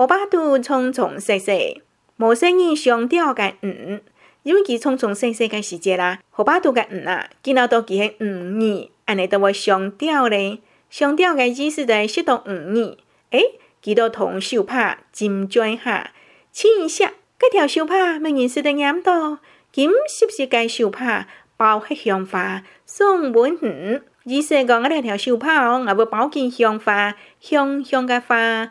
河壩肚沖沖洗洗，無細意上釣嘅魚，因為佢沖沖洗洗嘅時節啦。河壩肚嘅魚啊，見到都佢係魚魚，安尼都會上釣咧。上釣嘅意思就係食到魚魚。哎、欸，幾多條手帕唚嘴下，唚一下，該條手帕麼人使得撿著。今是不是搵手帕包起香花送分你、嗯？意思講該條手帕哦，我要包緊香花香香嘅花。